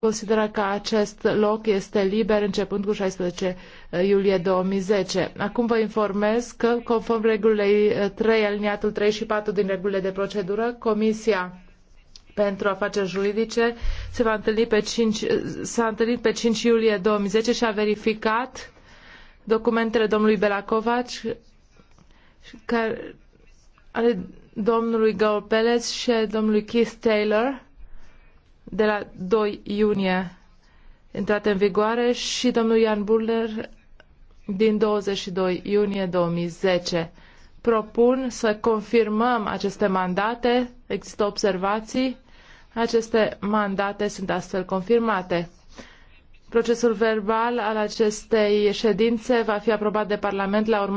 consideră că acest loc este liber începând cu 16 eh, iulie 2010. Acum vă informez că, conform regulii 3, eh, aliniatul 3 și 4 din regulile de procedură, Comisia pentru afaceri juridice se va întâlni pe 5, eh, s-a întâlnit pe 5 iulie 2010 și a verificat documentele domnului Belacovac care, ale domnului Gaul Peles și domnului Keith Taylor de la 2 iunie intrate în vigoare și domnul Ian Buller din 22 iunie 2010. Propun să confirmăm aceste mandate, există observații, aceste mandate sunt astfel confirmate. Procesul verbal al acestei ședințe va fi aprobat de Parlament la urmă